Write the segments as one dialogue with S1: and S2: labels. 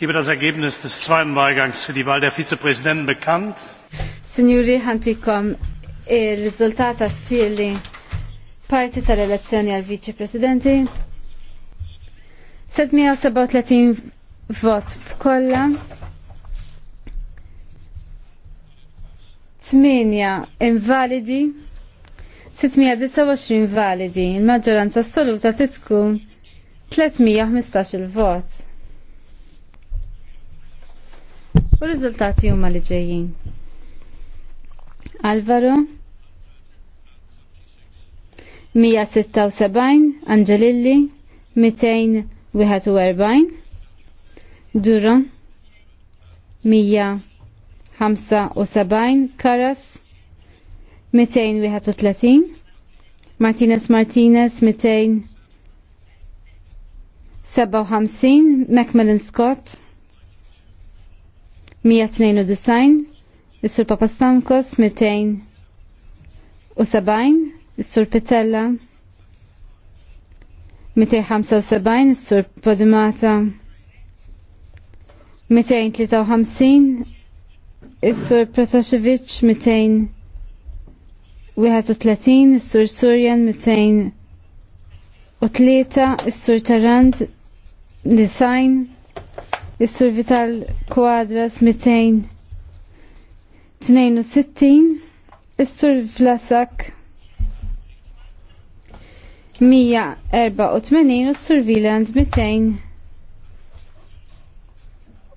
S1: gebe das Ergebnis des zweiten Wahlgangs für die Wahl der Vizepräsidenten bekannt. Signori, ħantikom il-rizultata t-tieli parti tal-elezzjoni għal viċi presidenti. 737 vot f'kolla. 8 invalidi. 629 validi. Il-maġġoranza assoluta titkun 315 il-vot. U rizultati riżultati huma li ġejjin. Alvaro 176 Angelilli 241 Duro 175 Karas 231 Martinez Martinez 257 Macmillan Scott 192 Is-Sur Papastamkos 270 Is-Sur Pitella 275 Is-Sur Podimata 253 Is-Sur Protasevich 231 Is-Sur Surjan 203 Is-Sur Tarand Design Is-sur Vital Kwadras 262, is-sur Vlasak 184 u s-sur Viland 200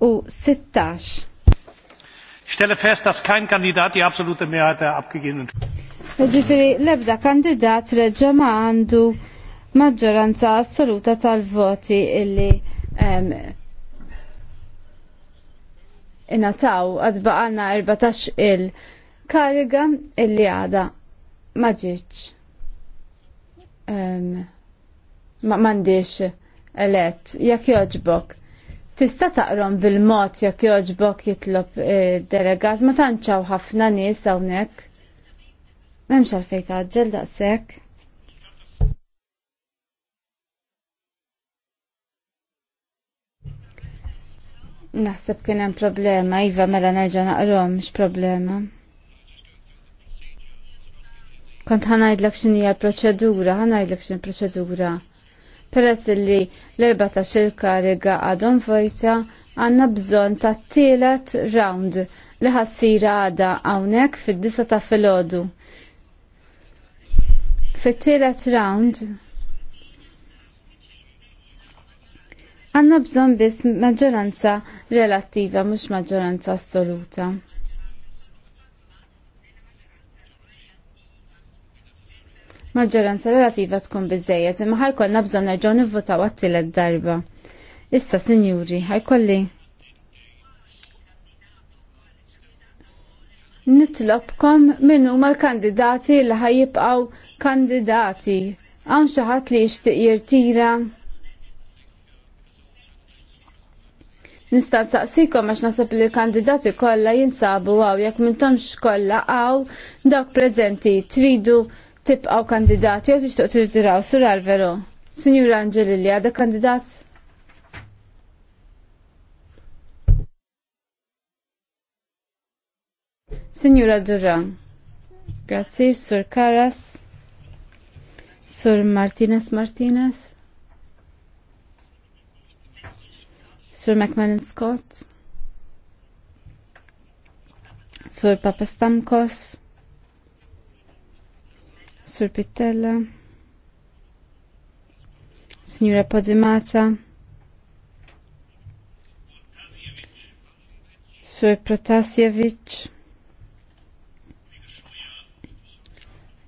S1: u 16. Ich stelle fest, dass kein Kandidat die absolute Mehrheit der abgegebenen Ġifiri, lebda kandidat reġa ma għandu maġġoranza assoluta tal-voti illi inataw għadba għanna 14 il-kariga illi għada maġiċ. Um, ma mandiċ elett, jak joġbok. Tista taqrom bil-mod jak joġbok jitlob eh, delegat, ma tanċaw ħafna nis hawnhekk. Memx għalfejn taġġel daqshekk. Naħseb kien hemm problema, iva mela nerġa' naqrom mhix problema. Kont ngħidlek x'inhi hija proċedura, ngħidlek x'inhi proċedura. Peress li l-14 il-kariga għadhom vojta għandna bżonn ta' tielet round li ħassira għada hawnhekk fid-disa ta' filgħodu. Fit-tielet round Għanna bżon biss maġġoranza relattiva, mux maġġoranza assoluta. Maġġoranza relativa tkun biżejjed, imma ħajkonna nabżon nerġon nivvotaw għat-tielet darba. Issa, sinjuri, ħajkolli nitlobkom minn huma l-kandidati li ħajjibqgħu kandidati. Hawn xi ħadd li jixtieq jirtira. nista' nsaqsikom għax nasab li l-kandidati kollha jinsabu għaw jekk m'intomx kollha għaw dawk prezenti tridu tibqgħu kandidati jew tixtieq tirdiraw sur Alvero. Signor Angelilli għada kandidat? Signora Durran, Grazie, Sur Karas, Sur Martinez Martinez. Sir McMillan Scott, Papa Papastamkos, Sir Pittella, Signora Podimata, Sir Protasjevic,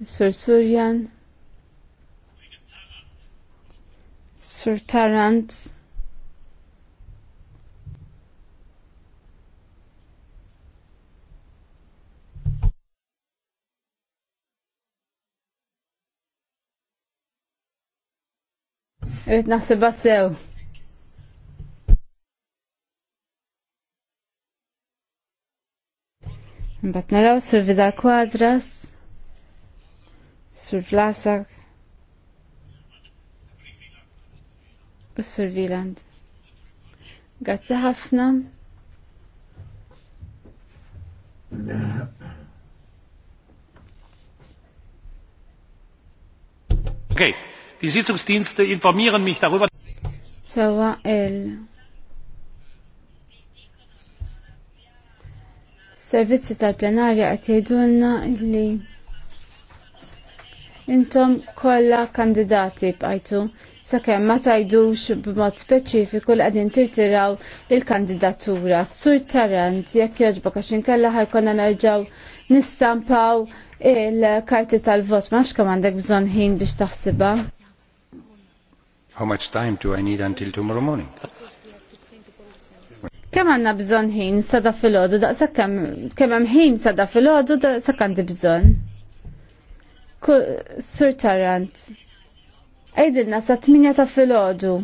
S1: Sir Surjan, Sir Tarant, Rrit naħseb sew. Mbatt naraw sur Vidal kwadras, sur Vlasak, u sur Viland. Grazzi ħafna. Okay. Die Sitzungsdienste informieren mich darüber. servizzi tal-plenarja qed jgħidulna li intom kollha kandidati bqajtu sakemm ma tgħidux b'mod speċifiku li qegħdin tirtiraw il-kandidatura. Sur Tarant jekk jogħġbok għax inkella ħajkonna nerġgħu nistampaw il-karti tal-vot ma nafx kemm għandek bżonn ħin biex taħsibha. How much time do I need until tomorrow morning? Kemm għandna bżonn ħin sada filgħodu daqshekk kemm hemm ħin sada filgħodu daqshekk għandi bżonn. Sur Tarrant. Għidilna sa tminja ta' filgħodu.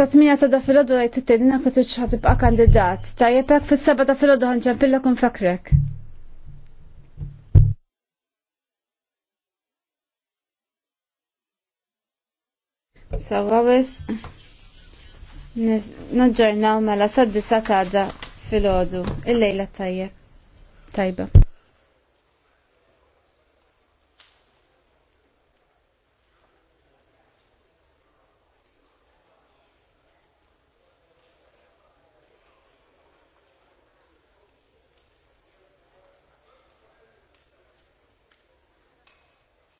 S1: Sa tminja ta' da filgħodu għajt t-tedina kut kandidat. Tajjeb hekk fis-seba ta' filgħodu ħanċempilla kun fakrek. Sawawis naġġornaw mela sad-disa ta' filgħodu il-lejla tajjeb. Tajba.